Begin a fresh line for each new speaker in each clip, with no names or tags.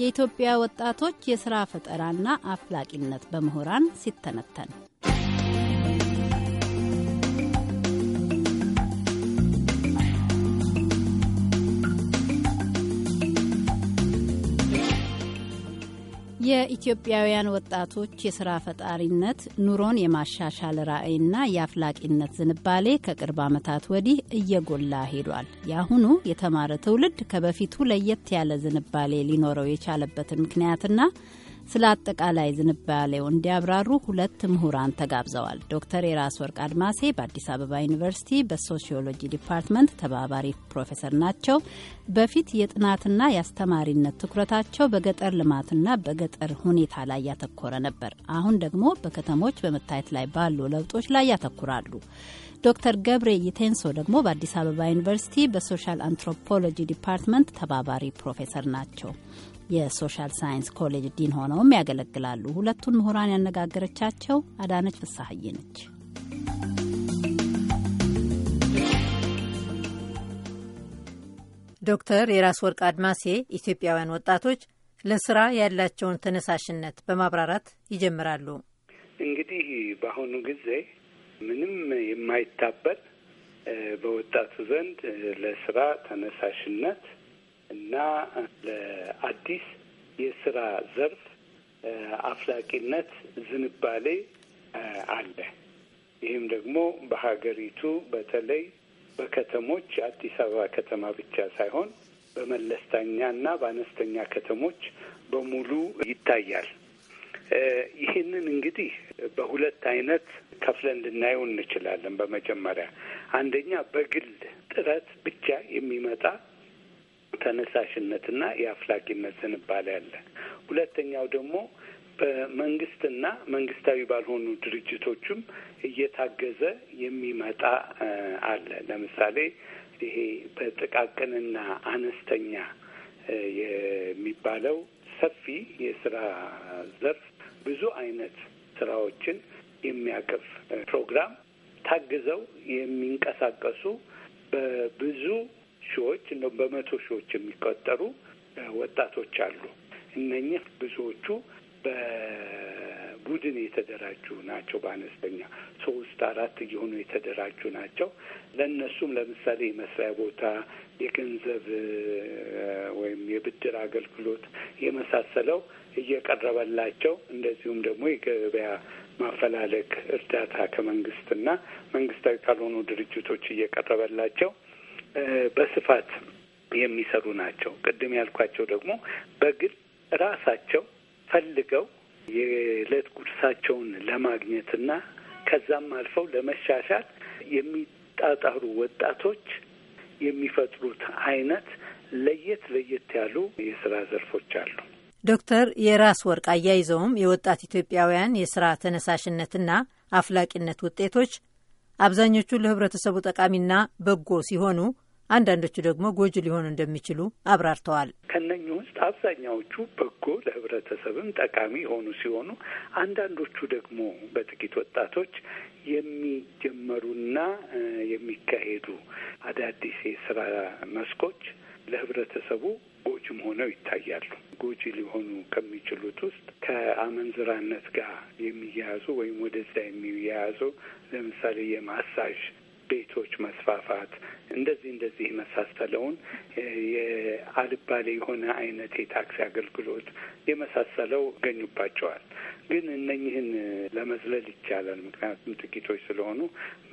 የኢትዮጵያ ወጣቶች የሥራ ፈጠራና አፍላቂነት በምሁራን ሲተነተን የኢትዮጵያውያን ወጣቶች የሥራ ፈጣሪነት ኑሮን የማሻሻል ራዕይና የአፍላቂነት ዝንባሌ ከቅርብ ዓመታት ወዲህ እየጎላ ሄዷል። የአሁኑ የተማረ ትውልድ ከበፊቱ ለየት ያለ ዝንባሌ ሊኖረው የቻለበትን ምክንያትና ስለ አጠቃላይ ዝንባሌው እንዲያብራሩ ሁለት ምሁራን ተጋብዘዋል። ዶክተር የራስ ወርቅ አድማሴ በአዲስ አበባ ዩኒቨርሲቲ በሶሲዮሎጂ ዲፓርትመንት ተባባሪ ፕሮፌሰር ናቸው። በፊት የጥናትና የአስተማሪነት ትኩረታቸው በገጠር ልማትና በገጠር ሁኔታ ላይ ያተኮረ ነበር። አሁን ደግሞ በከተሞች በመታየት ላይ ባሉ ለውጦች ላይ ያተኩራሉ። ዶክተር ገብሬ ይቴንሶ ደግሞ በአዲስ አበባ ዩኒቨርሲቲ በሶሻል አንትሮፖሎጂ ዲፓርትመንት ተባባሪ ፕሮፌሰር ናቸው። የሶሻል ሳይንስ ኮሌጅ ዲን ሆነውም ያገለግላሉ። ሁለቱን ምሁራን ያነጋገረቻቸው አዳነች ፍሳሐዬ ነች።
ዶክተር የራስ ወርቅ አድማሴ ኢትዮጵያውያን ወጣቶች ለስራ ያላቸውን ተነሳሽነት በማብራራት ይጀምራሉ።
እንግዲህ በአሁኑ ጊዜ ምንም የማይታበል በወጣቱ ዘንድ ለስራ ተነሳሽነት እና ለአዲስ የስራ ዘርፍ አፍላቂነት ዝንባሌ አለ። ይህም ደግሞ በሀገሪቱ በተለይ በከተሞች አዲስ አበባ ከተማ ብቻ ሳይሆን በመለስተኛና በአነስተኛ ከተሞች በሙሉ ይታያል። ይህንን እንግዲህ በሁለት አይነት ከፍለን ልናየው እንችላለን። በመጀመሪያ አንደኛ በግል ጥረት ብቻ የሚመጣ ተነሳሽነትና የአፍላቂነት ዝንባሌ አለ። ሁለተኛው ደግሞ በመንግስትና መንግስታዊ ባልሆኑ ድርጅቶችም እየታገዘ የሚመጣ አለ። ለምሳሌ ይሄ በጥቃቅንና አነስተኛ የሚባለው ሰፊ የስራ ዘርፍ ብዙ አይነት ስራዎችን የሚያቅፍ ፕሮግራም ታግዘው የሚንቀሳቀሱ በብዙ ሺዎች እንደው በመቶ ሺዎች የሚቆጠሩ ወጣቶች አሉ። እነኚህ ብዙዎቹ በ ቡድን የተደራጁ ናቸው። በአነስተኛ ሶስት አራት እየሆኑ የተደራጁ ናቸው። ለእነሱም ለምሳሌ የመስሪያ ቦታ፣ የገንዘብ ወይም የብድር አገልግሎት የመሳሰለው እየቀረበላቸው እንደዚሁም ደግሞ የገበያ ማፈላለግ እርዳታ ከመንግስትና መንግስታዊ ካልሆኑ ድርጅቶች እየቀረበላቸው በስፋት የሚሰሩ ናቸው። ቅድም ያልኳቸው ደግሞ በግል ራሳቸው ፈልገው የዕለት ጉርሳቸውን ለማግኘትና ከዛም አልፈው ለመሻሻል የሚጣጣሩ ወጣቶች የሚፈጥሩት አይነት ለየት ለየት ያሉ የስራ ዘርፎች አሉ።
ዶክተር የራስ ወርቅ አያይዘውም የወጣት ኢትዮጵያውያን የስራ ተነሳሽነትና አፍላቂነት ውጤቶች አብዛኞቹ ለህብረተሰቡ ጠቃሚና በጎ ሲሆኑ አንዳንዶቹ ደግሞ ጎጂ ሊሆኑ እንደሚችሉ አብራርተዋል።
ከነኚህ ውስጥ አብዛኛዎቹ በጎ ለህብረተሰብም ጠቃሚ የሆኑ ሲሆኑ አንዳንዶቹ ደግሞ በጥቂት ወጣቶች የሚጀመሩና የሚካሄዱ አዳዲስ የስራ መስኮች ለህብረተሰቡ ጎጂም ሆነው ይታያሉ። ጎጂ ሊሆኑ ከሚችሉት ውስጥ ከአመንዝራነት ጋር የሚያያዙ ወይም ወደዛ የሚያያዙ ለምሳሌ የማሳዥ ቤቶች መስፋፋት እንደዚህ እንደዚህ የመሳሰለውን የአልባሌ የሆነ አይነት የታክሲ አገልግሎት የመሳሰለው ይገኙባቸዋል። ግን እነኚህን ለመዝለል ይቻላል፣ ምክንያቱም ጥቂቶች ስለሆኑ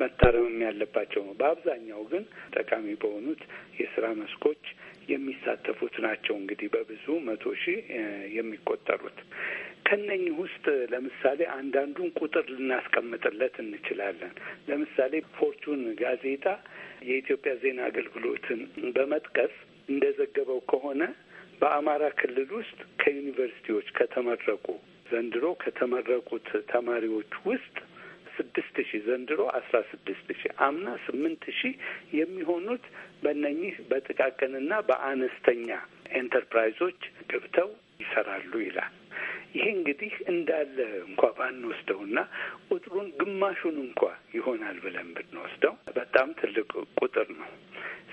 መታረምም ያለባቸው ነው። በአብዛኛው ግን ጠቃሚ በሆኑት የስራ መስኮች የሚሳተፉት ናቸው። እንግዲህ በብዙ መቶ ሺህ የሚቆጠሩት ከነኚህ ውስጥ ለምሳሌ አንዳንዱን ቁጥር ልናስቀምጥለት እንችላለን። ለምሳሌ ፎርቹን ጋዜጣ የኢትዮጵያ ዜና አገልግሎትን በመጥቀስ እንደዘገበው ከሆነ በአማራ ክልል ውስጥ ከዩኒቨርሲቲዎች ከተመረቁ ዘንድሮ ከተመረቁት ተማሪዎች ውስጥ ስድስት ሺህ ዘንድሮ አስራ ስድስት ሺህ አምና ስምንት ሺህ የሚሆኑት በእነኚህ በጥቃቅንና በአነስተኛ ኤንተርፕራይዞች ገብተው ይሰራሉ ይላል። ይሄ እንግዲህ እንዳለ እንኳ ባንወስደው ቁጥሩን ግማሹን እንኳ ይሆናል ብለን ብንወስደው በጣም ትልቅ ቁጥር ነው።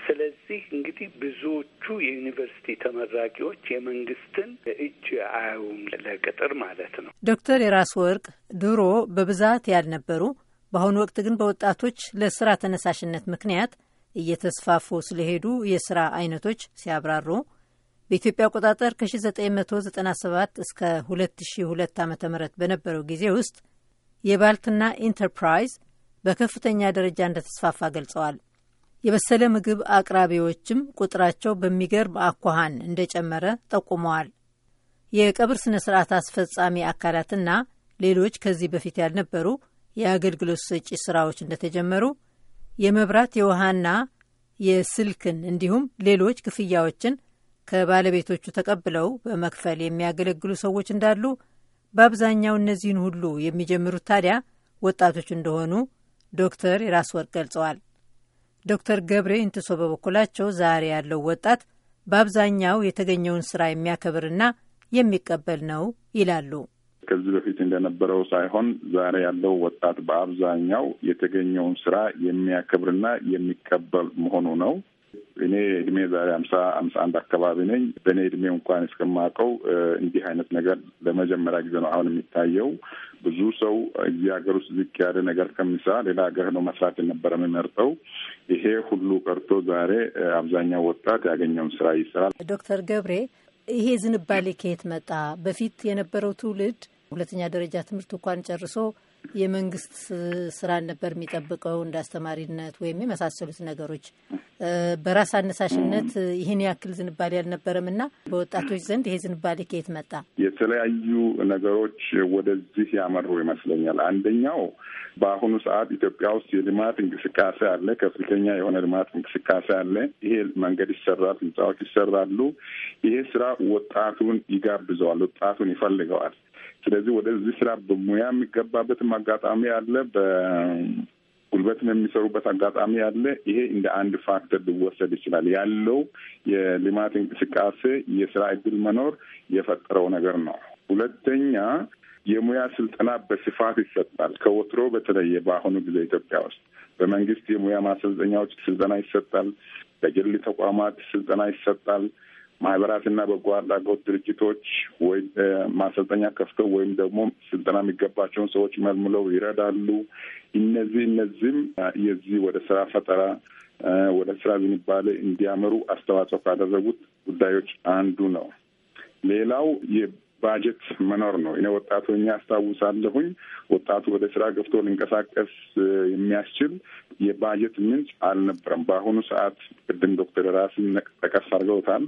ስለዚህ እንግዲህ ብዙዎቹ የዩኒቨርሲቲ ተመራቂዎች የመንግስትን እጅ አያውም ለቅጥር ማለት ነው።
ዶክተር የራስ ወርቅ ድሮ በብዛት ያልነበሩ በአሁኑ ወቅት ግን በወጣቶች ለስራ ተነሳሽነት ምክንያት እየተስፋፉ ስለሄዱ የስራ አይነቶች ሲያብራሩ በኢትዮጵያ አቆጣጠር ከ1997 እስከ 2002 ዓ ም በነበረው ጊዜ ውስጥ የባልትና ኢንተርፕራይዝ በከፍተኛ ደረጃ እንደተስፋፋ ገልጸዋል። የበሰለ ምግብ አቅራቢዎችም ቁጥራቸው በሚገርም አኳኋን እንደጨመረ ጠቁመዋል። የቀብር ስነ ስርዓት አስፈጻሚ አካላትና ሌሎች ከዚህ በፊት ያልነበሩ የአገልግሎት ሰጪ ስራዎች እንደተጀመሩ፣ የመብራት የውሃና የስልክን እንዲሁም ሌሎች ክፍያዎችን ከባለቤቶቹ ተቀብለው በመክፈል የሚያገለግሉ ሰዎች እንዳሉ፣ በአብዛኛው እነዚህን ሁሉ የሚጀምሩት ታዲያ ወጣቶች እንደሆኑ ዶክተር የራስ ወርቅ ገልጸዋል። ዶክተር ገብሬ እንትሶ በበኩላቸው ዛሬ ያለው ወጣት በአብዛኛው የተገኘውን ስራ የሚያከብርና የሚቀበል ነው ይላሉ።
ከዚህ በፊት እንደነበረው ሳይሆን ዛሬ ያለው ወጣት በአብዛኛው የተገኘውን ስራ የሚያከብርና የሚቀበል መሆኑ ነው። እኔ እድሜ ዛሬ አምሳ አምሳ አንድ አካባቢ ነኝ። በእኔ እድሜ እንኳን እስከማውቀው እንዲህ አይነት ነገር ለመጀመሪያ ጊዜ ነው አሁን የሚታየው። ብዙ ሰው እዚህ ሀገር ውስጥ ዝቅ ያለ ነገር ከሚሰራ ሌላ ሀገር ነው መስራት የነበረ የሚመርጠው። ይሄ ሁሉ ቀርቶ ዛሬ አብዛኛው ወጣት ያገኘውን ስራ ይሰራል።
ዶክተር ገብሬ ይሄ ዝንባሌ ከየት መጣ? በፊት የነበረው ትውልድ ሁለተኛ ደረጃ ትምህርት እንኳን ጨርሶ የመንግስት ስራን ነበር የሚጠብቀው እንደ አስተማሪነት ወይም የመሳሰሉት ነገሮች። በራስ አነሳሽነት ይህን ያክል ዝንባሌ አልነበረም እና በወጣቶች ዘንድ ይሄ ዝንባሌ ከየት መጣ?
የተለያዩ ነገሮች ወደዚህ ያመሩ ይመስለኛል። አንደኛው በአሁኑ ሰዓት ኢትዮጵያ ውስጥ የልማት እንቅስቃሴ አለ። ከፍተኛ የሆነ ልማት እንቅስቃሴ አለ። ይሄ መንገድ ይሰራል፣ ህንፃዎች ይሰራሉ። ይሄ ስራ ወጣቱን ይጋብዘዋል፣ ወጣቱን ይፈልገዋል። ስለዚህ ወደዚህ ስራ በሙያ የሚገባበትም አጋጣሚ አለ። ጉልበት የሚሰሩበት አጋጣሚ አለ። ይሄ እንደ አንድ ፋክተር ሊወሰድ ይችላል። ያለው የልማት እንቅስቃሴ የስራ እድል መኖር የፈጠረው ነገር ነው። ሁለተኛ የሙያ ስልጠና በስፋት ይሰጣል። ከወትሮ በተለየ በአሁኑ ጊዜ ኢትዮጵያ ውስጥ በመንግስት የሙያ ማሰልጠኛዎች ስልጠና ይሰጣል። በግል ተቋማት ስልጠና ይሰጣል። ማህበራትና በጎ አድራጎት ድርጅቶች ወይ ማሰልጠኛ ከፍተው ወይም ደግሞ ስልጠና የሚገባቸውን ሰዎች መልምለው ይረዳሉ። እነዚህ እነዚህም የዚህ ወደ ስራ ፈጠራ ወደ ስራ ዝንባሌ እንዲያመሩ አስተዋጽኦ ካደረጉት ጉዳዮች አንዱ ነው። ሌላው የባጀት መኖር ነው። እኔ እኛ አስታውሳለሁኝ። ወጣቱ ወደ ስራ ገብቶ ሊንቀሳቀስ የሚያስችል የባጀት ምንጭ አልነበረም። በአሁኑ ሰዓት ቅድም ዶክተር ራስን ጠቀስ አድርገውታል።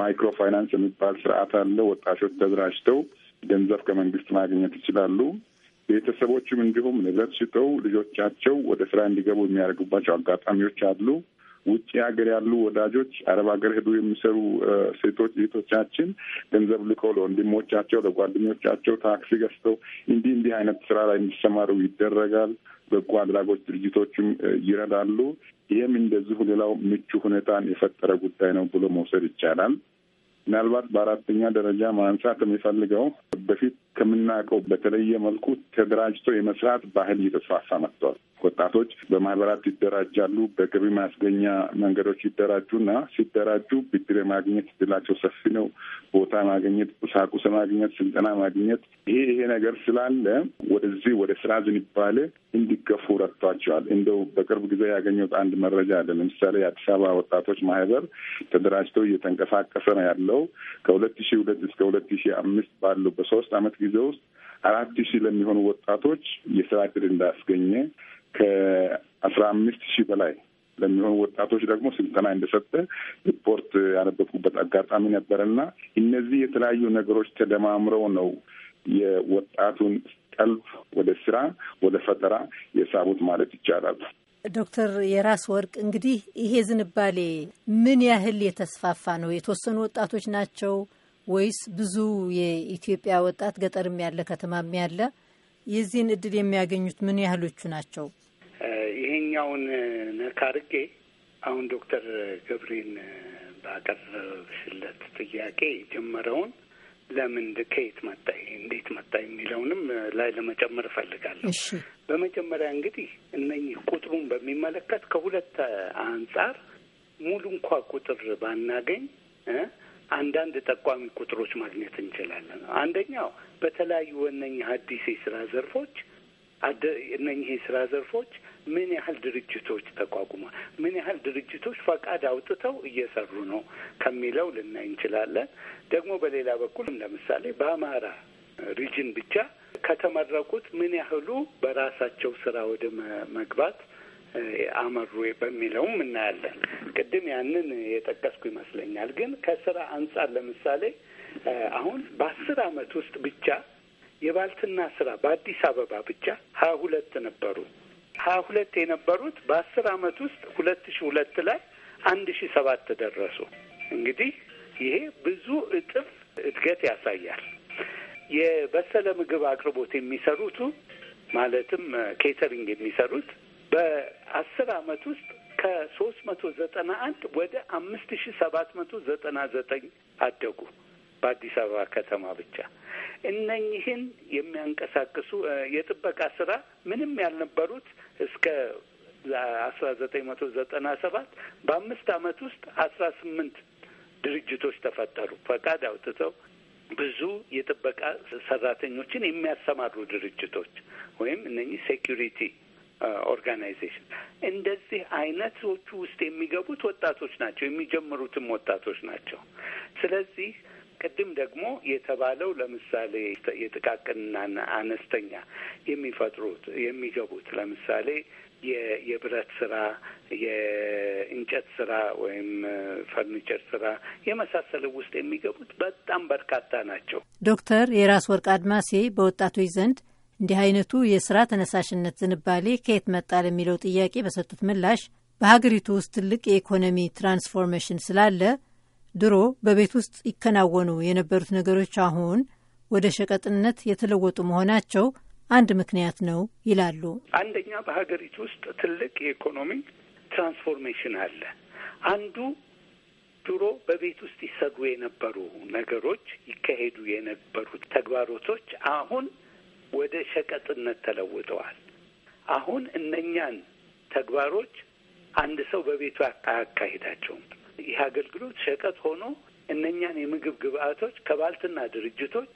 ማይክሮ ፋይናንስ የሚባል ስርዓት አለ። ወጣቶች ተደራጅተው ገንዘብ ከመንግስት ማግኘት ይችላሉ። ቤተሰቦችም እንዲሁም ንብረት ሽጠው ልጆቻቸው ወደ ስራ እንዲገቡ የሚያደርጉባቸው አጋጣሚዎች አሉ። ውጭ ሀገር ያሉ ወዳጆች አረብ ሀገር ሄዱ የሚሰሩ ሴቶች እህቶቻችን ገንዘብ ልከው ለወንድሞቻቸው፣ ለጓደኞቻቸው ታክሲ ገዝተው እንዲህ እንዲህ አይነት ስራ ላይ እንዲሰማሩ ይደረጋል። በጎ አድራጎች ድርጅቶችም ይረዳሉ። ይህም እንደዚሁ ሌላው ምቹ ሁኔታን የፈጠረ ጉዳይ ነው ብሎ መውሰድ ይቻላል። ምናልባት በአራተኛ ደረጃ ማንሳት የሚፈልገው በፊት ከምናውቀው በተለየ መልኩ ተደራጅቶ የመስራት ባህል እየተስፋፋ መጥቷል። ወጣቶች በማህበራት ይደራጃሉ፣ በገቢ ማስገኛ መንገዶች ይደራጁና ሲደራጁ ብድር የማግኘት እድላቸው ሰፊ ነው። ቦታ ማግኘት፣ ቁሳቁስ ማግኘት፣ ስልጠና ማግኘት ይሄ ይሄ ነገር ስላለ ወደዚህ ወደ ስራ ዝንባሌ እንዲገፉ ረድቷቸዋል። እንደው በቅርብ ጊዜ ያገኘሁት አንድ መረጃ አለ። ለምሳሌ የአዲስ አበባ ወጣቶች ማህበር ተደራጅቶ እየተንቀሳቀሰ ነው ያለው ከሁለት ሺ ሁለት እስከ ሁለት ሺ አምስት ባለው በሶስት አመት ጊዜ ውስጥ አራት ሺህ ለሚሆኑ ወጣቶች የስራ እድል እንዳስገኘ ከአስራ አምስት ሺህ በላይ ለሚሆኑ ወጣቶች ደግሞ ስልጠና እንደሰጠ ሪፖርት ያነበብኩበት አጋጣሚ እና እነዚህ የተለያዩ ነገሮች ተደማምረው ነው የወጣቱን ቀልብ ወደ ስራ፣ ወደ ፈጠራ የሳቡት ማለት ይቻላል።
ዶክተር የራስ ወርቅ እንግዲህ ይሄ ዝንባሌ ምን ያህል የተስፋፋ ነው? የተወሰኑ ወጣቶች ናቸው ወይስ ብዙ የኢትዮጵያ ወጣት ገጠርም ያለ ከተማም ያለ የዚህን እድል የሚያገኙት ምን ያህሎቹ ናቸው?
ይሄኛውን ነካ አድርጌ አሁን ዶክተር ገብሬን ባቀረብሽለት ጥያቄ ጀመረውን ለምን ከየት መጣ እንዴት መጣ የሚለውንም ላይ ለመጨመር እፈልጋለሁ። በመጀመሪያ እንግዲህ እነኚህ ቁጥሩን በሚመለከት ከሁለት አንጻር ሙሉ እንኳ ቁጥር ባናገኝ አንዳንድ ጠቋሚ ቁጥሮች ማግኘት እንችላለን። አንደኛው በተለያዩ ወነኛ አዲስ የስራ ዘርፎች እነኚህ የስራ ዘርፎች ምን ያህል ድርጅቶች ተቋቁሟል፣ ምን ያህል ድርጅቶች ፈቃድ አውጥተው እየሰሩ ነው ከሚለው ልናይ እንችላለን። ደግሞ በሌላ በኩል ለምሳሌ በአማራ ሪጅን ብቻ ከተመረቁት ምን ያህሉ በራሳቸው ስራ ወደ መግባት አመሩ በሚለውም እናያለን። ቅድም ያንን የጠቀስኩ ይመስለኛል። ግን ከስራ አንጻር ለምሳሌ አሁን በአስር አመት ውስጥ ብቻ የባልትና ስራ በአዲስ አበባ ብቻ ሀያ ሁለት ነበሩ። ሀያ ሁለት የነበሩት በአስር አመት ውስጥ ሁለት ሺ ሁለት ላይ አንድ ሺ ሰባት ደረሱ። እንግዲህ ይሄ ብዙ እጥፍ እድገት ያሳያል። የበሰለ ምግብ አቅርቦት የሚሰሩቱ ማለትም ኬተሪንግ የሚሰሩት በአስር አመት ውስጥ ከሶስት መቶ ዘጠና አንድ ወደ አምስት ሺ ሰባት መቶ ዘጠና ዘጠኝ አደጉ በአዲስ አበባ ከተማ ብቻ እነኝህን የሚያንቀሳቅሱ የጥበቃ ስራ ምንም ያልነበሩት እስከ አስራ ዘጠኝ መቶ ዘጠና ሰባት በአምስት አመት ውስጥ አስራ ስምንት ድርጅቶች ተፈጠሩ። ፈቃድ አውጥተው ብዙ የጥበቃ ሰራተኞችን የሚያሰማሩ ድርጅቶች ወይም እነኚህ ሴኪሪቲ ኦርጋናይዜሽን እንደዚህ አይነቶቹ ውስጥ የሚገቡት ወጣቶች ናቸው። የሚጀምሩትም ወጣቶች ናቸው። ስለዚህ ቅድም ደግሞ የተባለው ለምሳሌ የጥቃቅንና አነስተኛ የሚፈጥሩት የሚገቡት ለምሳሌ የብረት ስራ፣ የእንጨት ስራ ወይም ፈርኒቸር ስራ የመሳሰሉ ውስጥ የሚገቡት በጣም በርካታ ናቸው።
ዶክተር የራስ ወርቅ አድማሴ በወጣቶች ዘንድ እንዲህ አይነቱ የስራ ተነሳሽነት ዝንባሌ ከየት መጣ ለሚለው ጥያቄ በሰጡት ምላሽ በሀገሪቱ ውስጥ ትልቅ የኢኮኖሚ ትራንስፎርሜሽን ስላለ ድሮ በቤት ውስጥ ይከናወኑ የነበሩት ነገሮች አሁን ወደ ሸቀጥነት የተለወጡ መሆናቸው አንድ ምክንያት ነው ይላሉ።
አንደኛ በሀገሪቱ ውስጥ ትልቅ የኢኮኖሚ ትራንስፎርሜሽን አለ። አንዱ ድሮ በቤት ውስጥ ይሰሩ የነበሩ ነገሮች፣ ይካሄዱ የነበሩ ተግባሮቶች አሁን ወደ ሸቀጥነት ተለውጠዋል። አሁን እነኛን ተግባሮች አንድ ሰው በቤቱ አያካሂዳቸውም። ይህ አገልግሎት ሸቀጥ ሆኖ እነኛን የምግብ ግብአቶች ከባልትና ድርጅቶች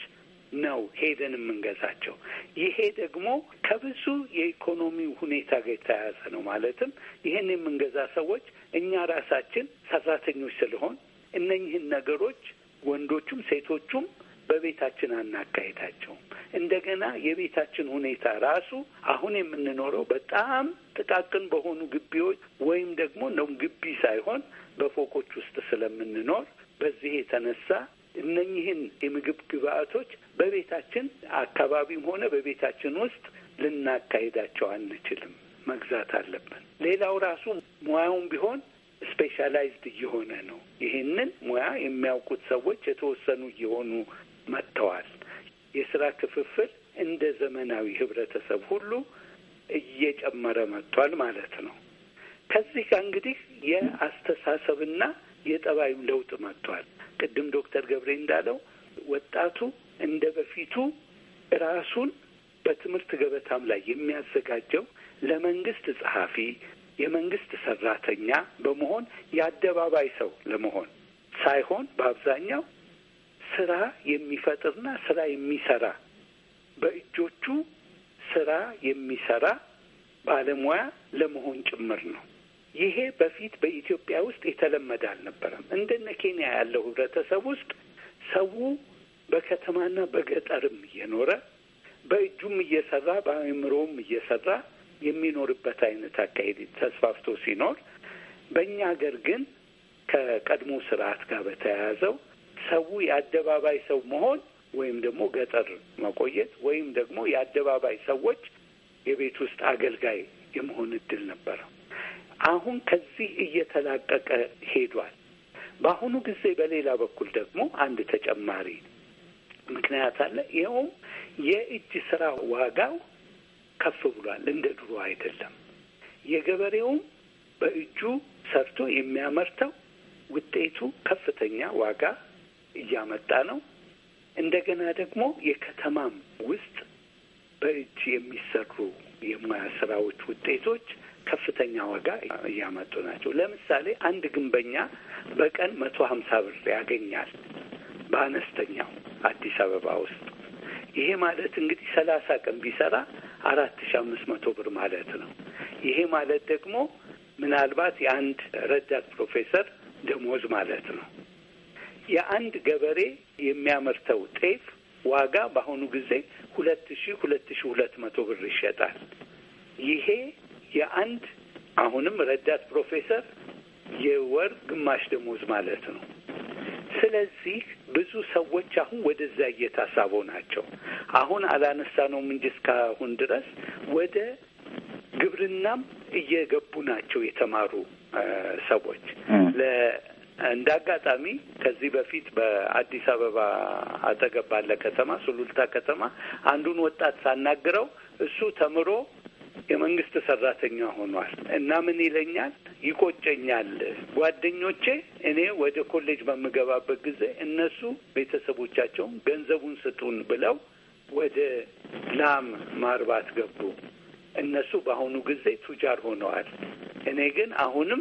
ነው ሄደን የምንገዛቸው። ይሄ ደግሞ ከብዙ የኢኮኖሚ ሁኔታ ጋር የተያያዘ ነው። ማለትም ይህን የምንገዛ ሰዎች እኛ ራሳችን ሰራተኞች ስለሆን እነኝህን ነገሮች ወንዶቹም ሴቶቹም በቤታችን አናካሄዳቸውም። እንደገና የቤታችን ሁኔታ ራሱ አሁን የምንኖረው በጣም ጥቃቅን በሆኑ ግቢዎች ወይም ደግሞ እንደውም ግቢ ሳይሆን በፎቆች ውስጥ ስለምንኖር በዚህ የተነሳ እነኝህን የምግብ ግብአቶች በቤታችን አካባቢም ሆነ በቤታችን ውስጥ ልናካሄዳቸው አንችልም። መግዛት አለብን። ሌላው ራሱ ሙያውም ቢሆን ስፔሻላይዝድ እየሆነ ነው። ይህንን ሙያ የሚያውቁት ሰዎች የተወሰኑ እየሆኑ መጥተዋል። የስራ ክፍፍል እንደ ዘመናዊ ህብረተሰብ ሁሉ እየጨመረ መጥቷል ማለት ነው። ከዚህ ጋር እንግዲህ የአስተሳሰብና የጠባይም ለውጥ መጥቷል። ቅድም ዶክተር ገብሬ እንዳለው ወጣቱ እንደ በፊቱ ራሱን በትምህርት ገበታም ላይ የሚያዘጋጀው ለመንግስት ጸሐፊ፣ የመንግስት ሰራተኛ በመሆን የአደባባይ ሰው ለመሆን ሳይሆን በአብዛኛው ስራ የሚፈጥርና ስራ የሚሰራ በእጆቹ ስራ የሚሰራ ባለሙያ ለመሆን ጭምር ነው። ይሄ በፊት በኢትዮጵያ ውስጥ የተለመደ አልነበረም። እንደነ ኬንያ ያለው ህብረተሰብ ውስጥ ሰው በከተማና በገጠርም እየኖረ በእጁም እየሰራ በአእምሮውም እየሰራ የሚኖርበት አይነት አካሄድ ተስፋፍቶ ሲኖር በእኛ ሀገር ግን ከቀድሞ ስርዓት ጋር በተያያዘው ሰው የአደባባይ ሰው መሆን ወይም ደግሞ ገጠር መቆየት ወይም ደግሞ የአደባባይ ሰዎች የቤት ውስጥ አገልጋይ የመሆን እድል ነበረ። አሁን ከዚህ እየተላቀቀ ሄዷል። በአሁኑ ጊዜ በሌላ በኩል ደግሞ አንድ ተጨማሪ ምክንያት አለ። ይኸውም የእጅ ስራ ዋጋው ከፍ ብሏል። እንደ ድሮ አይደለም። የገበሬውም በእጁ ሰርቶ የሚያመርተው ውጤቱ ከፍተኛ ዋጋ እያመጣ ነው። እንደገና ደግሞ የከተማም ውስጥ በእጅ የሚሰሩ የሙያ ስራዎች ውጤቶች ከፍተኛ ዋጋ እያመጡ ናቸው። ለምሳሌ አንድ ግንበኛ በቀን መቶ ሀምሳ ብር ያገኛል በአነስተኛው አዲስ አበባ ውስጥ። ይሄ ማለት እንግዲህ ሰላሳ ቀን ቢሰራ አራት ሺ አምስት መቶ ብር ማለት ነው። ይሄ ማለት ደግሞ ምናልባት የአንድ ረዳት ፕሮፌሰር ደሞዝ ማለት ነው። የአንድ ገበሬ የሚያመርተው ጤፍ ዋጋ በአሁኑ ጊዜ ሁለት ሺ ሁለት ሺ ሁለት መቶ ብር ይሸጣል። ይሄ የአንድ አሁንም ረዳት ፕሮፌሰር የወር ግማሽ ደሞዝ ማለት ነው። ስለዚህ ብዙ ሰዎች አሁን ወደዛ እየታሳቡ ናቸው። አሁን ነው እንጂ እስካሁን ድረስ ወደ ግብርናም እየገቡ ናቸው የተማሩ ሰዎች። እንደ አጋጣሚ ከዚህ በፊት በአዲስ አበባ አጠገብ ባለ ከተማ ሱሉልታ ከተማ አንዱን ወጣት ሳናግረው እሱ ተምሮ የመንግስት ሰራተኛ ሆኗል እና ምን ይለኛል፣ ይቆጨኛል። ጓደኞቼ እኔ ወደ ኮሌጅ በምገባበት ጊዜ እነሱ ቤተሰቦቻቸውን ገንዘቡን ስጡን ብለው ወደ ላም ማርባት ገቡ። እነሱ በአሁኑ ጊዜ ቱጃር ሆነዋል። እኔ ግን አሁንም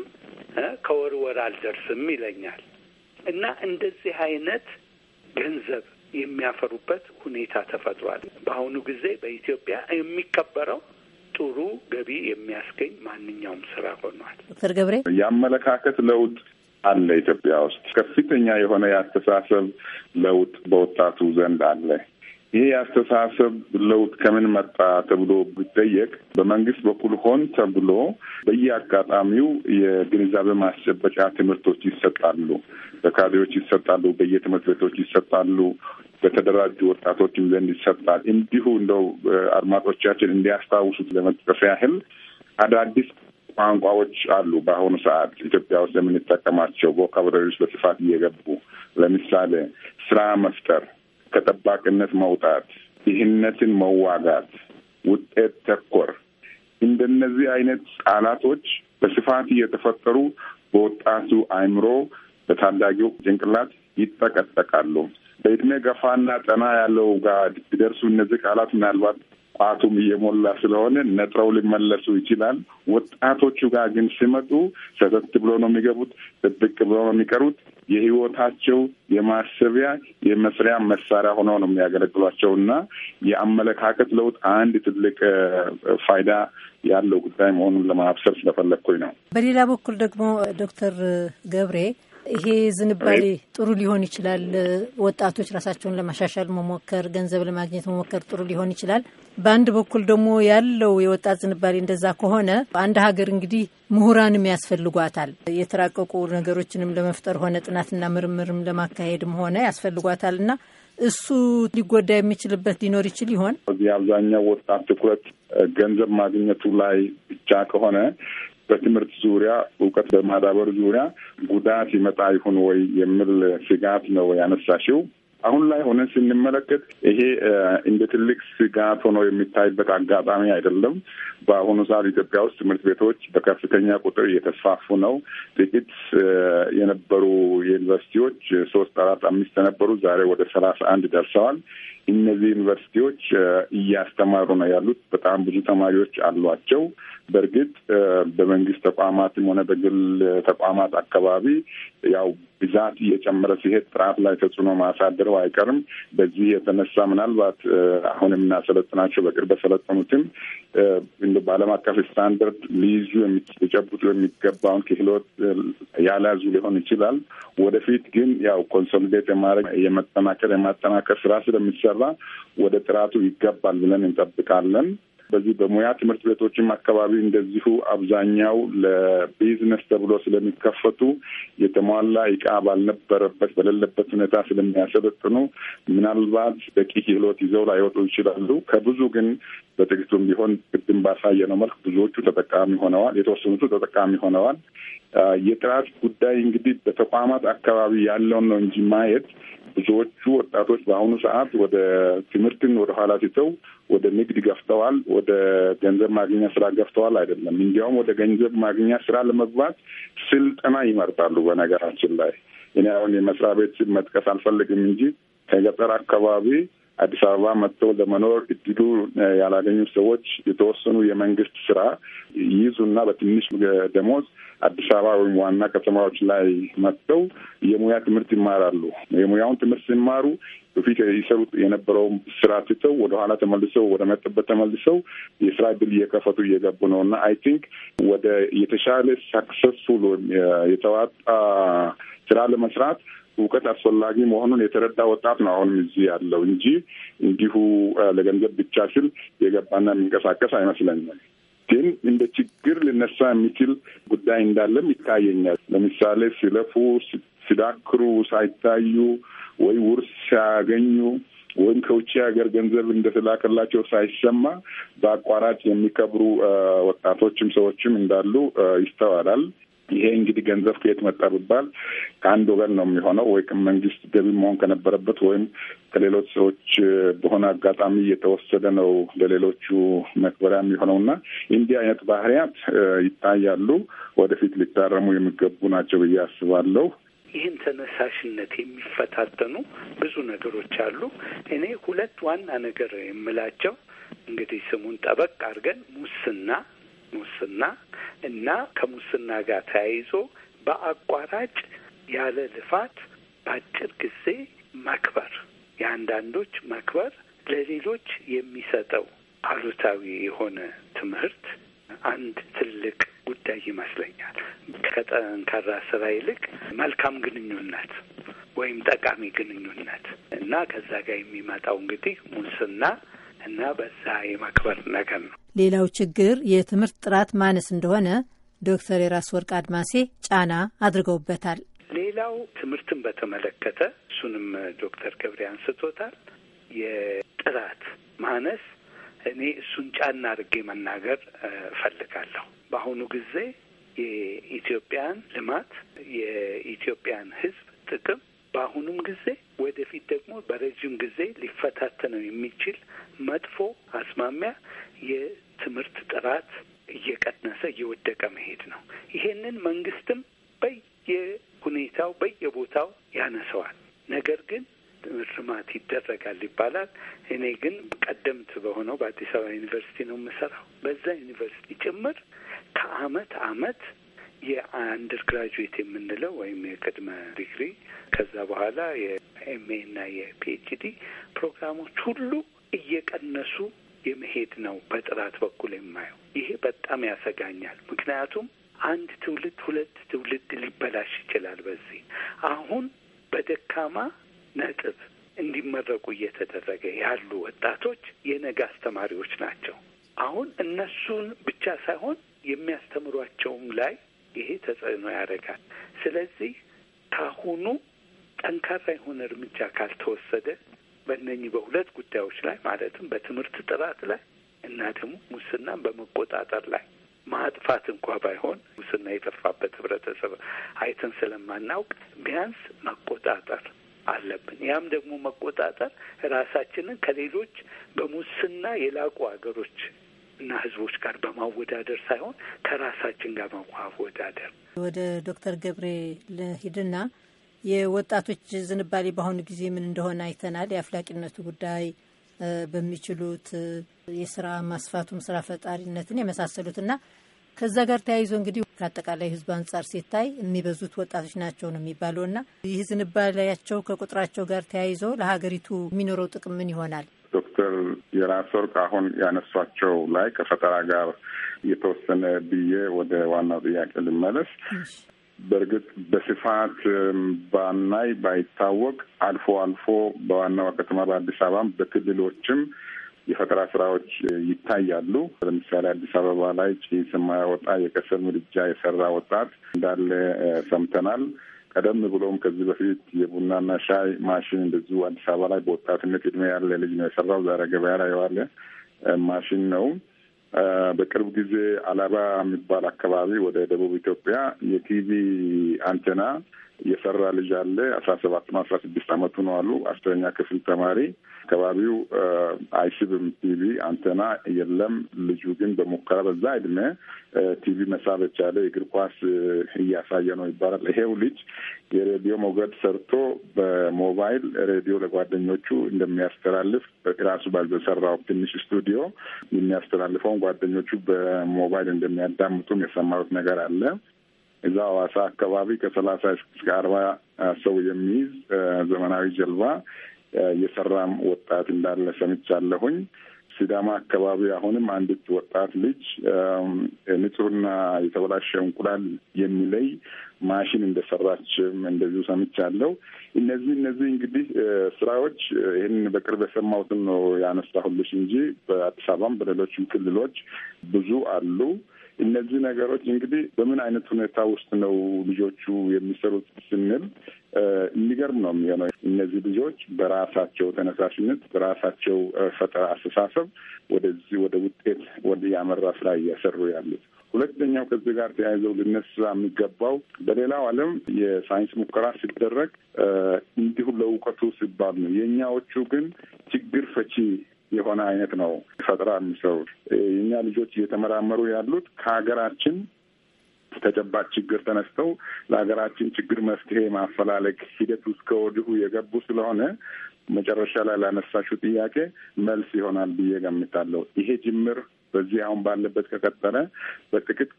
ከወር ወር አልደርስም ይለኛል እና እንደዚህ አይነት ገንዘብ የሚያፈሩበት ሁኔታ ተፈጥሯል። በአሁኑ ጊዜ በኢትዮጵያ የሚከበረው ጥሩ ገቢ የሚያስገኝ ማንኛውም ስራ ሆኗል።
ዶክተር ገብሬ የአመለካከት ለውጥ አለ ኢትዮጵያ ውስጥ ከፍተኛ የሆነ የአስተሳሰብ ለውጥ በወጣቱ ዘንድ አለ። ይሄ የአስተሳሰብ ለውጥ ከምን መጣ ተብሎ ቢጠየቅ በመንግስት በኩል ሆን ተብሎ በየአጋጣሚው የግንዛቤ ማስጨበጫ ትምህርቶች ይሰጣሉ፣ በካድሬዎች ይሰጣሉ፣ በየትምህርት ቤቶች ይሰጣሉ፣ በተደራጁ ወጣቶችም ዘንድ ይሰጣል። እንዲሁ እንደው አድማጮቻችን እንዲያስታውሱት ለመጥቀስ ያህል አዳዲስ ቋንቋዎች አሉ። በአሁኑ ሰዓት ኢትዮጵያ ውስጥ የምንጠቀማቸው ቮካብራሪዎች በስፋት እየገቡ ለምሳሌ ስራ መፍጠር ከጠባቅነት መውጣት፣ ይህነትን መዋጋት፣ ውጤት ተኮር እንደነዚህ አይነት ቃላቶች በስፋት እየተፈጠሩ በወጣቱ አይምሮ በታዳጊው ጭንቅላት ይጠቀጠቃሉ። በእድሜ ገፋና ጠና ያለው ጋር ቢደርሱ እነዚህ ቃላት ምናልባት ሰዓቱም እየሞላ ስለሆነ ነጥረው ሊመለሱ ይችላል። ወጣቶቹ ጋር ግን ሲመጡ ሰተት ብሎ ነው የሚገቡት፣ ጥብቅ ብሎ ነው የሚቀሩት። የህይወታቸው የማሰቢያ የመስሪያ መሳሪያ ሆኖ ነው የሚያገለግሏቸው እና የአመለካከት ለውጥ አንድ ትልቅ ፋይዳ ያለው ጉዳይ መሆኑን ለማብሰር ስለፈለግኩኝ ነው።
በሌላ በኩል ደግሞ ዶክተር ገብሬ ይሄ ዝንባሌ ጥሩ ሊሆን ይችላል። ወጣቶች ራሳቸውን ለማሻሻል መሞከር፣ ገንዘብ ለማግኘት መሞከር ጥሩ ሊሆን ይችላል። በአንድ በኩል ደግሞ ያለው የወጣት ዝንባሌ እንደዛ ከሆነ አንድ ሀገር እንግዲህ ምሁራንም ያስፈልጓታል። የተራቀቁ ነገሮችንም ለመፍጠር ሆነ ጥናትና ምርምርም ለማካሄድም ሆነ ያስፈልጓታል እና እሱ ሊጎዳ የሚችልበት ሊኖር ይችል ይሆን?
እዚህ አብዛኛው ወጣት ትኩረት ገንዘብ ማግኘቱ ላይ ብቻ ከሆነ በትምህርት ዙሪያ እውቀት በማዳበር ዙሪያ ጉዳት ይመጣ ይሁን ወይ የሚል ስጋት ነው ያነሳሽው። አሁን ላይ ሆነን ስንመለከት ይሄ እንደ ትልቅ ስጋት ሆኖ የሚታይበት አጋጣሚ አይደለም። በአሁኑ ሰዓት ኢትዮጵያ ውስጥ ትምህርት ቤቶች በከፍተኛ ቁጥር እየተስፋፉ ነው። ጥቂት የነበሩ ዩኒቨርሲቲዎች ሶስት፣ አራት፣ አምስት የነበሩ ዛሬ ወደ ሰላሳ አንድ ደርሰዋል። እነዚህ ዩኒቨርሲቲዎች እያስተማሩ ነው ያሉት። በጣም ብዙ ተማሪዎች አሏቸው። በእርግጥ በመንግስት ተቋማትም ሆነ በግል ተቋማት አካባቢ ያው ብዛት እየጨመረ ሲሄድ ጥራት ላይ ተጽዕኖ ማሳደረው አይቀርም። በዚህ የተነሳ ምናልባት አሁን የምናሰለጥናቸው በቅርብ በሰለጠኑትም እንደ በዓለም አቀፍ ስታንደርድ ሊይዙ ሊጨብጡ የሚገባውን ክህሎት ያልያዙ ሊሆን ይችላል። ወደፊት ግን ያው ኮንሶሊዴት የማድረግ የመጠናከር የማጠናከር ስራ ስለሚሰራ ሲሰራ ወደ ጥራቱ ይገባል ብለን እንጠብቃለን። በዚህ በሙያ ትምህርት ቤቶችም አካባቢ እንደዚሁ አብዛኛው ለቢዝነስ ተብሎ ስለሚከፈቱ የተሟላ እቃ ባልነበረበት በሌለበት ሁኔታ ስለሚያሰለጥኑ ምናልባት በቂ ክህሎት ይዘው ላይወጡ ይችላሉ። ከብዙ ግን በጥቂቱም ቢሆን ቅድም ባሳየ ነው መልክ ብዙዎቹ ተጠቃሚ ሆነዋል። የተወሰኑቱ ተጠቃሚ ሆነዋል። የጥራት ጉዳይ እንግዲህ በተቋማት አካባቢ ያለውን ነው እንጂ ማየት ብዙዎቹ ወጣቶች በአሁኑ ሰዓት ወደ ትምህርትን ወደ ኋላ ሲተው ወደ ንግድ ገፍተዋል። ወደ ገንዘብ ማግኛ ስራ ገፍተዋል አይደለም። እንዲያውም ወደ ገንዘብ ማግኛ ስራ ለመግባት ስልጠና ይመርጣሉ። በነገራችን ላይ እኔ አሁን የመስሪያ ቤት መጥቀስ አልፈልግም እንጂ ከገጠር አካባቢ አዲስ አበባ መጥተው ለመኖር እድሉ ያላገኙ ሰዎች የተወሰኑ የመንግስት ስራ ይይዙና በትንሽ ደሞዝ አዲስ አበባ ወይም ዋና ከተማዎች ላይ መጥተው የሙያ ትምህርት ይማራሉ። የሙያውን ትምህርት ሲማሩ በፊት ይሰሩት የነበረውን ስራ ትተው ወደኋላ ተመልሰው ወደ መጠበት ተመልሰው የስራ እድል እየከፈቱ እየገቡ ነው እና አይ ቲንክ ወደ የተሻለ ሳክሰስፉል የተዋጣ ስራ ለመስራት እውቀት አስፈላጊ መሆኑን የተረዳ ወጣት ነው አሁንም እዚህ ያለው እንጂ እንዲሁ ለገንዘብ ብቻ ሲል የገባና የሚንቀሳቀስ አይመስለኝም። ግን እንደ ችግር ሊነሳ የሚችል ጉዳይ እንዳለም ይታየኛል። ለምሳሌ ሲለፉ፣ ሲዳክሩ ሳይታዩ ወይ ውርስ ሲያገኙ ወይም ከውጭ ሀገር ገንዘብ እንደተላከላቸው ሳይሰማ በአቋራጭ የሚከብሩ ወጣቶችም ሰዎችም እንዳሉ ይስተዋላል። ይሄ እንግዲህ ገንዘብ ከየት መጣ ቢባል ከአንድ ወገን ነው የሚሆነው። ወይ መንግስት ገቢ መሆን ከነበረበት ወይም ከሌሎች ሰዎች በሆነ አጋጣሚ እየተወሰደ ነው ለሌሎቹ መክበሪያ የሚሆነው እና እንዲህ አይነት ባህሪያት ይታያሉ። ወደፊት ሊታረሙ የሚገቡ ናቸው ብዬ አስባለሁ።
ይህን ተነሳሽነት የሚፈታተኑ ብዙ ነገሮች አሉ። እኔ ሁለት ዋና ነገር የምላቸው እንግዲህ ስሙን ጠበቅ አድርገን ሙስና ሙስና እና ከሙስና ጋር ተያይዞ በአቋራጭ ያለ ልፋት በአጭር ጊዜ መክበር የአንዳንዶች መክበር ለሌሎች የሚሰጠው አሉታዊ የሆነ ትምህርት አንድ ትልቅ ጉዳይ ይመስለኛል። ከጠንካራ ስራ ይልቅ መልካም ግንኙነት ወይም ጠቃሚ ግንኙነት እና ከዛ ጋር የሚመጣው እንግዲህ ሙስና እና በዛ የመክበር ነገር ነው።
ሌላው ችግር የትምህርት ጥራት ማነስ እንደሆነ ዶክተር የራስ ወርቅ አድማሴ ጫና አድርገውበታል።
ሌላው ትምህርትን በተመለከተ እሱንም ዶክተር ገብሬ አንስቶታል። የጥራት ማነስ እኔ እሱን ጫና አድርጌ መናገር እፈልጋለሁ። በአሁኑ ጊዜ የኢትዮጵያን ልማት የኢትዮጵያን ሕዝብ ጥቅም በአሁኑም ጊዜ ወደፊት ደግሞ በረዥም ጊዜ ሊፈታተነው የሚችል መጥፎ አስማሚያ ጥራት እየቀነሰ እየወደቀ መሄድ ነው። ይሄንን መንግስትም በየሁኔታው በየቦታው ያነሰዋል። ነገር ግን እርማት ይደረጋል ይባላል። እኔ ግን ቀደምት በሆነው በአዲስ አበባ ዩኒቨርሲቲ ነው የምሰራው። በዛ ዩኒቨርሲቲ ጭምር ከአመት አመት የአንደር ግራጁዌት የምንለው ወይም የቅድመ ዲግሪ ከዛ በኋላ የኤምኤ እና የፒኤችዲ ፕሮግራሞች ሁሉ ሳይሆን የሚያስተምሯቸውም ላይ ይሄ ተጽዕኖ ያደርጋል። ስለዚህ ካሁኑ ጠንካራ የሆነ እርምጃ ካልተወሰደ በእነኚህ በሁለት ጉዳዮች ላይ ማለትም በትምህርት ጥራት ላይ እና ደግሞ ሙስናን በመቆጣጠር ላይ ማጥፋት እንኳ ባይሆን ሙስና የጠፋበት ህብረተሰብ አይተን ስለማናውቅ ቢያንስ መቆጣጠር አለብን። ያም ደግሞ መቆጣጠር ራሳችንን ከሌሎች በሙስና የላቁ ሀገሮች እና ህዝቦች ጋር በማወዳደር ሳይሆን ከራሳችን ጋር በማወዳደር።
ወደ ዶክተር ገብሬ ልሂድና የወጣቶች ዝንባሌ በአሁኑ ጊዜ ምን እንደሆነ አይተናል። የአፍላቂነቱ ጉዳይ በሚችሉት የስራ ማስፋቱም ስራ ፈጣሪነትን እና ከዛ ጋር ተያይዞ እንግዲህ ከአጠቃላይ ህዝብ አንጻር ሲታይ የሚበዙት ወጣቶች ናቸው ነው እና ይህ ዝንባሌያቸው ከቁጥራቸው ጋር ተያይዞ ለሀገሪቱ የሚኖረው ጥቅም ምን ይሆናል?
ዶክተር የራስ ወርቅ አሁን ያነሷቸው ላይ ከፈጠራ ጋር የተወሰነ ብዬ ወደ ዋናው ጥያቄ ልመለስ። በእርግጥ በስፋት ባናይ ባይታወቅ አልፎ አልፎ በዋናዋ ከተማ በአዲስ አበባም በክልሎችም የፈጠራ ስራዎች ይታያሉ። ለምሳሌ አዲስ አበባ ላይ ጭስ የማያወጣ የከሰል ምድጃ የሰራ ወጣት እንዳለ ሰምተናል። ቀደም ብሎም ከዚህ በፊት የቡናና ሻይ ማሽን እንደዚሁ አዲስ አበባ ላይ በወጣትነት እድሜ ያለ ልጅ ነው የሰራው። ዛሬ ገበያ ላይ የዋለ ማሽን ነው። በቅርብ ጊዜ አላባ የሚባል አካባቢ ወደ ደቡብ ኢትዮጵያ የቲቪ አንቴና የሰራ ልጅ አለ አስራ ሰባት ነው አስራ ስድስት አመቱ ነው አሉ አስረኛ ክፍል ተማሪ አካባቢው አይስብም ቲቪ አንተና የለም ልጁ ግን በሙከራ በዛ እድሜ ቲቪ መሳብ የቻለ እግር ኳስ እያሳየ ነው ይባላል ይሄው ልጅ የሬዲዮ ሞገድ ሰርቶ በሞባይል ሬዲዮ ለጓደኞቹ እንደሚያስተላልፍ ራሱ በሰራው ትንሽ ስቱዲዮ የሚያስተላልፈውን ጓደኞቹ በሞባይል እንደሚያዳምጡም የሰማሩት ነገር አለ እዛ ሐዋሳ አካባቢ ከሰላሳ እስከ አርባ ሰው የሚይዝ ዘመናዊ ጀልባ የሰራም ወጣት እንዳለ ሰምቻለሁኝ። ሲዳማ አካባቢ አሁንም አንዲት ወጣት ልጅ ንጹህና የተበላሸ እንቁላል የሚለይ ማሽን እንደሰራችም እንደዚሁ ሰምቻለሁ። እነዚህ እነዚህ እንግዲህ ስራዎች ይህን በቅርብ የሰማሁትን ነው ያነሳሁልሽ እንጂ በአዲስ አበባም በሌሎችም ክልሎች ብዙ አሉ። እነዚህ ነገሮች እንግዲህ በምን አይነት ሁኔታ ውስጥ ነው ልጆቹ የሚሰሩት ስንል የሚገርም ነው የሚሆነው። እነዚህ ልጆች በራሳቸው ተነሳሽነት በራሳቸው ፈጠራ አስተሳሰብ ወደዚህ ወደ ውጤት ወደ ያመራ ስራ እያሰሩ ያሉት። ሁለተኛው ከዚህ ጋር ተያይዘው ልነሳ የሚገባው በሌላው ዓለም የሳይንስ ሙከራ ሲደረግ እንዲሁ ለእውቀቱ ሲባል ነው። የእኛዎቹ ግን ችግር ፈቺ የሆነ አይነት ነው ፈጠራ የሚሰሩት። የእኛ ልጆች እየተመራመሩ ያሉት ከሀገራችን ተጨባጭ ችግር ተነስተው ለሀገራችን ችግር መፍትሄ ማፈላለግ ሂደት ውስጥ ከወዲሁ የገቡ ስለሆነ መጨረሻ ላይ ላነሳሽው ጥያቄ መልስ ይሆናል ብዬ ገምታለሁ። ይሄ ጅምር በዚህ አሁን ባለበት ከቀጠለ በጥቂት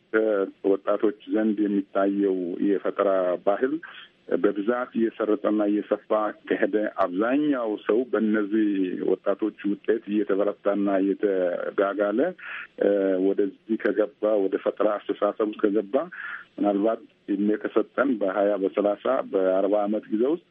ወጣቶች ዘንድ የሚታየው የፈጠራ ባህል በብዛት እየሰረጠና እየሰፋ ከሄደ አብዛኛው ሰው በእነዚህ ወጣቶች ውጤት እየተበረታና እየተጋጋለ ወደዚህ ከገባ ወደ ፈጠራ አስተሳሰብ ውስጥ ከገባ ምናልባት እድሜ ከሰጠን በሀያ በሰላሳ በአርባ አመት ጊዜ ውስጥ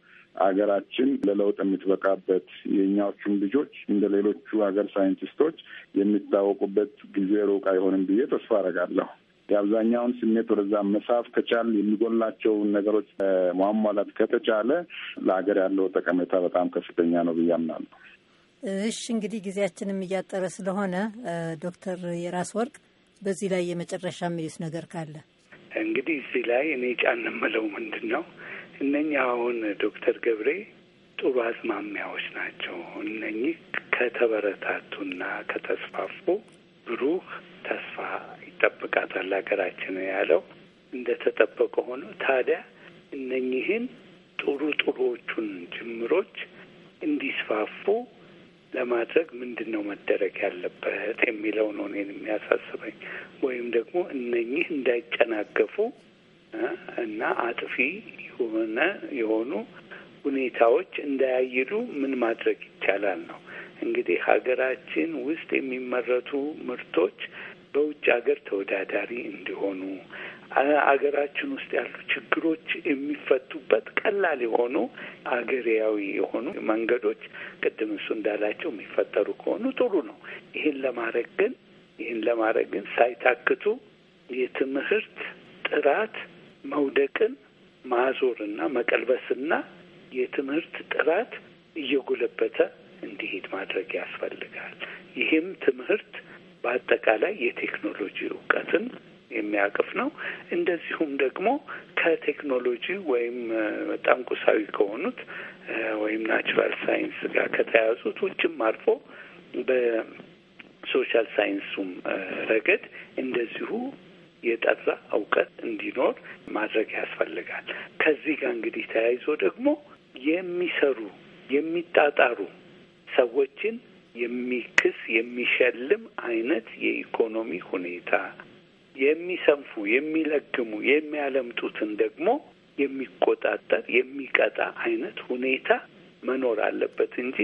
አገራችን ለለውጥ የምትበቃበት የእኛዎቹም ልጆች እንደ ሌሎቹ ሀገር ሳይንቲስቶች የሚታወቁበት ጊዜ ሩቅ አይሆንም ብዬ ተስፋ አረጋለሁ። የአብዛኛውን ስሜት ወደዛ መሳብ ከቻል የሚጎላቸውን ነገሮች ማሟላት ከተቻለ ለሀገር ያለው ጠቀሜታ በጣም ከፍተኛ ነው ብዬ አምናለሁ።
እሺ እንግዲህ ጊዜያችንም እያጠረ ስለሆነ ዶክተር የራስ ወርቅ በዚህ ላይ የመጨረሻ የሚሉት ነገር ካለ
እንግዲህ እዚህ ላይ እኔ ጫን የምለው ምንድን ነው እነኛ አሁን ዶክተር ገብሬ ጥሩ አዝማሚያዎች ናቸው። እነኚህ ከተበረታቱና ከተስፋፉ ብሩህ ተስፋ ይጠብቃታል ሀገራችን ያለው እንደተጠበቀ ሆኖ ታዲያ እነኚህን ጥሩ ጥሩዎቹን ጅምሮች እንዲስፋፉ ለማድረግ ምንድን ነው መደረግ ያለበት የሚለው ነው እኔን የሚያሳስበኝ። ወይም ደግሞ እነኚህ እንዳይጨናገፉ እና አጥፊ የሆነ የሆኑ ሁኔታዎች እንዳያይሉ ምን ማድረግ ይቻላል ነው። እንግዲህ ሀገራችን ውስጥ የሚመረቱ ምርቶች በውጭ ሀገር ተወዳዳሪ እንዲሆኑ አገራችን ውስጥ ያሉ ችግሮች የሚፈቱበት ቀላል የሆኑ አገሪያዊ የሆኑ መንገዶች ቅድም እሱ እንዳላቸው የሚፈጠሩ ከሆኑ ጥሩ ነው። ይህን ለማድረግ ግን ይህን ለማድረግ ግን ሳይታክቱ የትምህርት ጥራት መውደቅን ማዞርና መቀልበስና የትምህርት ጥራት እየጎለበተ እንዲሄድ ማድረግ ያስፈልጋል። ይህም ትምህርት በአጠቃላይ የቴክኖሎጂ እውቀትን የሚያቅፍ ነው። እንደዚሁም ደግሞ ከቴክኖሎጂ ወይም በጣም ቁሳዊ ከሆኑት ወይም ናቹራል ሳይንስ ጋር ከተያያዙት ውጭም አልፎ በሶሻል ሳይንሱም ረገድ እንደዚሁ የጠራ እውቀት እንዲኖር ማድረግ ያስፈልጋል። ከዚህ ጋር እንግዲህ ተያይዞ ደግሞ የሚሰሩ የሚጣጣሩ ሰዎችን የሚክስ የሚሸልም አይነት የኢኮኖሚ ሁኔታ የሚሰንፉ የሚለግሙ የሚያለምጡትን ደግሞ የሚቆጣጠር የሚቀጣ አይነት ሁኔታ መኖር አለበት እንጂ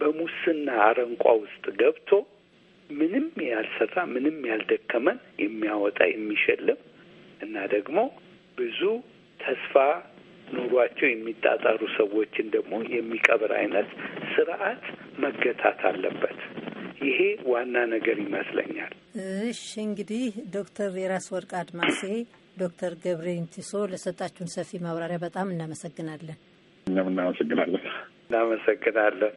በሙስና አረንቋ ውስጥ ገብቶ ምንም ያልሰራ ምንም ያልደከመን የሚያወጣ የሚሸልም እና ደግሞ ብዙ ተስፋ ኑሯቸው የሚጣጣሩ ሰዎችን ደግሞ የሚቀብር አይነት ስርዓት መገታት አለበት። ይሄ ዋና ነገር ይመስለኛል።
እሺ እንግዲህ ዶክተር የራስ ወርቅ አድማሴ፣ ዶክተር ገብሬ ቲሶ ለሰጣችሁን ሰፊ ማብራሪያ በጣም እናመሰግናለን።
እናመሰግናለን። እናመሰግናለን።